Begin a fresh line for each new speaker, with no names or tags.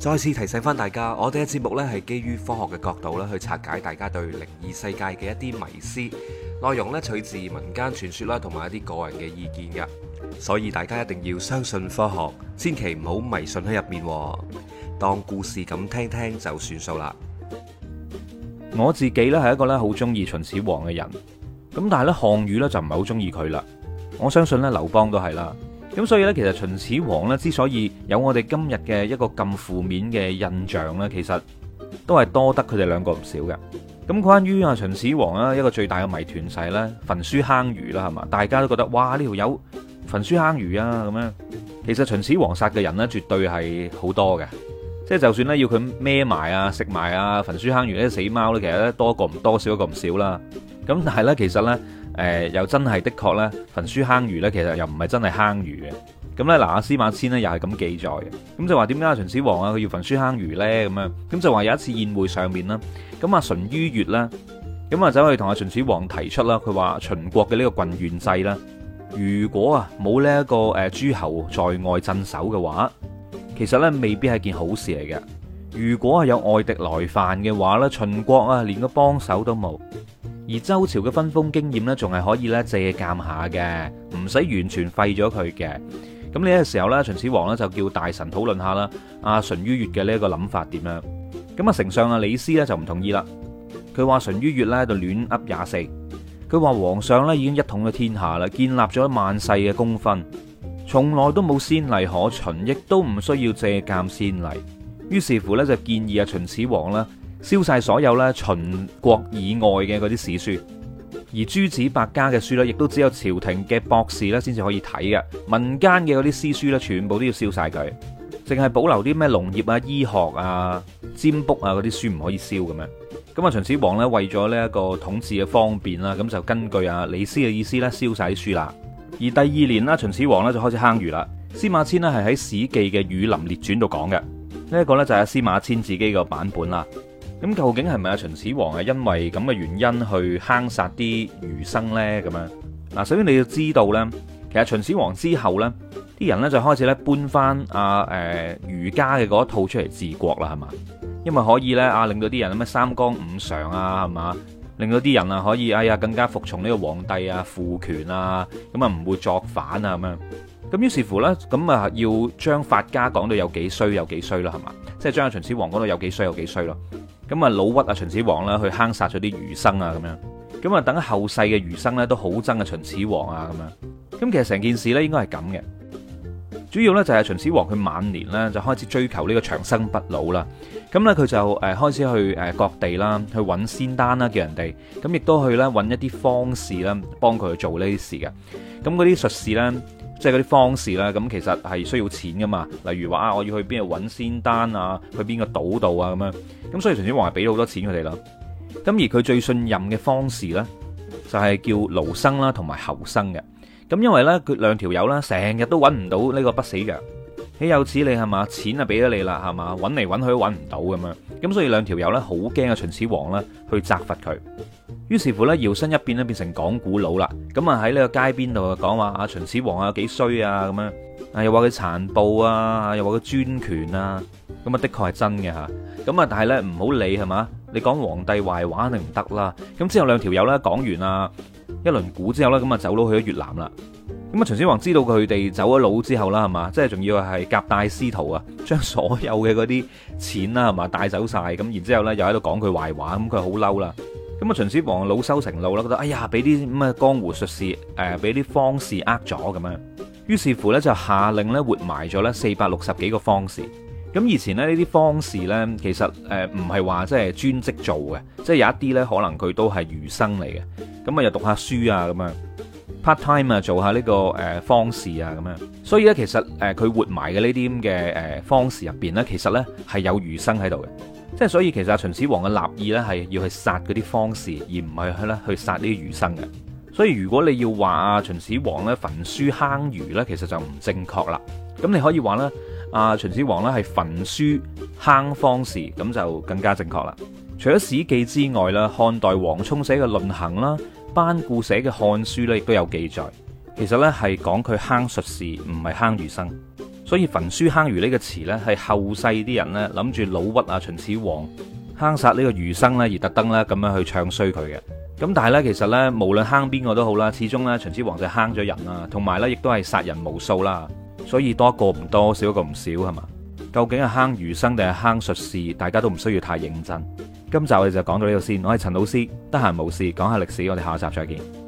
再次提醒翻大家，我哋嘅節目咧係基於科學嘅角度咧去拆解大家對靈異世界嘅一啲迷思，內容咧取自民間傳說啦，同埋一啲個人嘅意見嘅，所以大家一定要相信科學，千祈唔好迷信喺入面，當故事咁聽聽就算數啦。我自己咧係一個咧好中意秦始皇嘅人，咁但係咧項羽咧就唔係好中意佢啦，我相信咧劉邦都係啦。咁所以呢，其實秦始皇呢之所以有我哋今日嘅一個咁負面嘅印象呢，其實都係多得佢哋兩個唔少嘅。咁關於啊秦始皇啊一個最大嘅謎團就係咧焚書坑儒啦，係嘛？大家都覺得哇呢度有焚書坑儒啊咁樣。其實秦始皇殺嘅人呢，絕對係好多嘅，即係就算呢要佢孭埋啊食埋啊焚書坑儒呢死貓呢，其實咧多過唔多少一個唔少啦。咁但係呢，其實呢……誒、呃、又真係的，的確咧，焚書坑儒咧，其實又唔係真係坑儒嘅。咁咧嗱，阿司馬遷咧又係咁記載嘅。咁就話點解秦始皇啊，佢要焚書坑儒咧？咁樣咁就話有一次宴會上面啦，咁阿淳於越咧，咁啊走去同阿秦始皇提出啦。佢話秦國嘅呢個郡縣制啦，如果啊冇呢一個誒諸侯在外鎮守嘅話，其實咧未必係件好事嚟嘅。如果係有外敵來犯嘅話咧，秦國啊連個幫手都冇。而周朝嘅分封經驗呢，仲係可以咧借鑑下嘅，唔使完全廢咗佢嘅。咁呢一個時候呢，秦始皇呢就叫大臣討論下啦。阿淳於越嘅呢一個諗法點樣？咁啊，丞相啊李斯呢就唔同意啦。佢話淳於越咧就亂噏廿四。佢話皇上呢已經一統咗天下啦，建立咗萬世嘅功勳，從來都冇先例可循，亦都唔需要借鑑先例。於是乎呢，就建議阿秦始皇呢。燒晒所有咧，秦國以外嘅嗰啲史書，而諸子百家嘅書咧，亦都只有朝廷嘅博士咧，先至可以睇嘅。民間嘅嗰啲詩書咧，全部都要燒晒佢，淨係保留啲咩農業啊、醫學啊、占卜啊嗰啲書唔可以燒咁樣。咁啊，秦始皇咧為咗呢一個統治嘅方便啦，咁就根據啊李斯嘅意思咧，燒晒啲書啦。而第二年啦，秦始皇咧就開始坑儒啦。司馬遷咧係喺《史記》嘅《儒林列傳》度講嘅，呢一個咧就係司馬遷自己個版本啦。咁究竟係咪啊？秦始皇係因為咁嘅原因去坑殺啲儒生呢？咁樣嗱，首先你要知道呢，其實秦始皇之後呢，啲人呢就開始咧搬翻啊誒儒家嘅嗰一套出嚟治國啦，係嘛？因為可以呢，啊，令到啲人咩三綱五常啊，係嘛？令到啲人啊可以哎呀更加服從呢個皇帝啊，父權啊，咁啊唔會作反啊咁樣。咁於是乎呢，咁啊要將法家講到有幾衰有幾衰啦，係嘛？即係將阿秦始皇講到有幾衰有幾衰咯。咁啊，老屈啊，秦始皇啦，去坑殺咗啲儒生啊，咁樣，咁啊，等後世嘅儒生咧，都好憎啊秦始皇啊，咁樣，咁其實成件事咧，應該係咁嘅，主要咧就係秦始皇佢晚年咧就開始追求呢個長生不老啦，咁咧佢就誒開始去誒各地啦，去揾仙丹啦，叫人哋，咁亦都去咧揾一啲方士啦，幫佢去做呢啲事嘅，咁嗰啲術士咧。即係嗰啲方士啦，咁其實係需要錢噶嘛。例如話啊，我要去邊度揾仙丹啊，去邊個島度啊咁樣。咁所以秦始皇係俾咗好多錢佢哋啦。咁而佢最信任嘅方士呢，就係叫盧生啦同埋侯生嘅。咁因為呢，佢兩條友呢，成日都揾唔到呢個不死藥。豈有此理係嘛？錢啊俾咗你啦係嘛？揾嚟揾去都揾唔到咁樣。咁所以兩條友呢，好驚啊秦始皇呢去責罰佢。於是乎咧，搖身一變咧，變成講古佬啦。咁啊，喺呢個街邊度講話啊，秦始皇啊，幾衰啊咁樣啊，又話佢殘暴啊，又話佢專權啊。咁啊，的確係真嘅嚇。咁啊，但係咧唔好理係嘛。你講皇帝壞話，一定唔得啦。咁之後兩條友咧講完啊一輪古之後咧，咁啊走佬去咗越南啦。咁啊，秦始皇知道佢哋走咗佬之後啦，係嘛，即係仲要係夾帶私逃啊，將所有嘅嗰啲錢啦係嘛帶走晒。咁然之後咧，又喺度講佢壞話，咁佢好嬲啦。咁啊，秦始皇啊，惱羞成怒啦，覺得哎呀，俾啲咁嘅江湖術士，誒、呃，俾啲方士呃咗咁樣，於是乎咧就下令咧活埋咗咧四百六十幾個方士。咁以前咧呢啲方士咧，其實誒唔係話即係專職做嘅，即係有一啲咧可能佢都係儒生嚟嘅，咁、呃、啊又讀下書啊咁樣，part time 啊做下呢、呢個誒、呃、方士啊咁樣，所以咧其實誒佢活埋嘅呢啲咁嘅誒方士入邊咧，其實咧係、呃、有儒生喺度嘅。即係所以其實啊，秦始皇嘅立意咧係要去殺嗰啲方士，而唔係去咧去殺啲儒生嘅。所以如果你要話啊，秦始皇咧焚書坑儒咧，其實就唔正確啦。咁你可以話咧，啊秦始皇咧係焚書坑方士，咁就更加正確啦。除咗《史記》之外咧，漢代王充寫嘅《論衡》啦，班固寫嘅《漢書》咧，亦都有記載。其實咧係講佢坑術士，唔係坑儒生。所以焚書坑儒呢個詞呢，係後世啲人呢諗住老屈啊、秦始皇坑殺呢個儒生呢，而特登呢咁樣去唱衰佢嘅。咁但係呢，其實呢，無論坑邊個都好啦，始終呢，秦始皇就坑咗人啦，同埋呢亦都係殺人無數啦。所以多一個唔多，少一個唔少，係嘛？究竟係坑儒生定係坑術士，大家都唔需要太認真。今集我哋就講到呢度先。我係陳老師，得閒無事講下歷史。我哋下一集再見。